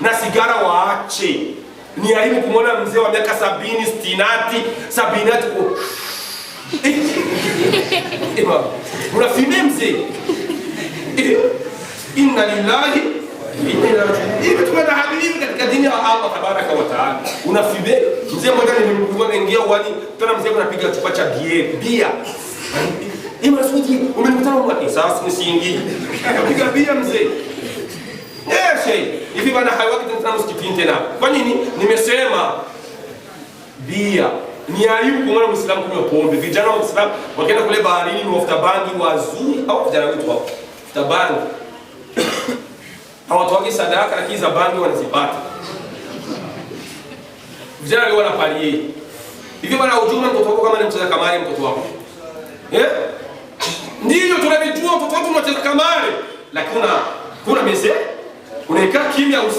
na sigara waache. Ni aibu kumwona mzee wa miaka sabini stinati sabinati unafime mzee, inna lillahi hivi imetukana habibi katika dini ya Allah tabaraka wa taala. Unafime mzee mmoja nilimkuta anaingia wani tena mzee anapiga chupa cha bia bia Ima suti umekutana mwati sasa nisiingie. napiga bia mzee hivi bana haiwaki tena msikitini tena. Kwa nini? Nimesema bia ni aibu kumwona Muislamu kunywa pombe. Vijana wa Muislamu wakienda kule baharini ni wafuta bangi wazuri au vijana wetu hapo. Wafuta bangi. Hawatoagi sadaka lakini za bangi wanazipata. Vijana leo wanapalie. Hivi bana ujumbe mtoto wako kama ni mcheza kamari mtoto wako. Eh? Ndiyo tunavijua mtoto wako tunacheza kamari lakini kuna kuna mzee Ureca Kimia, o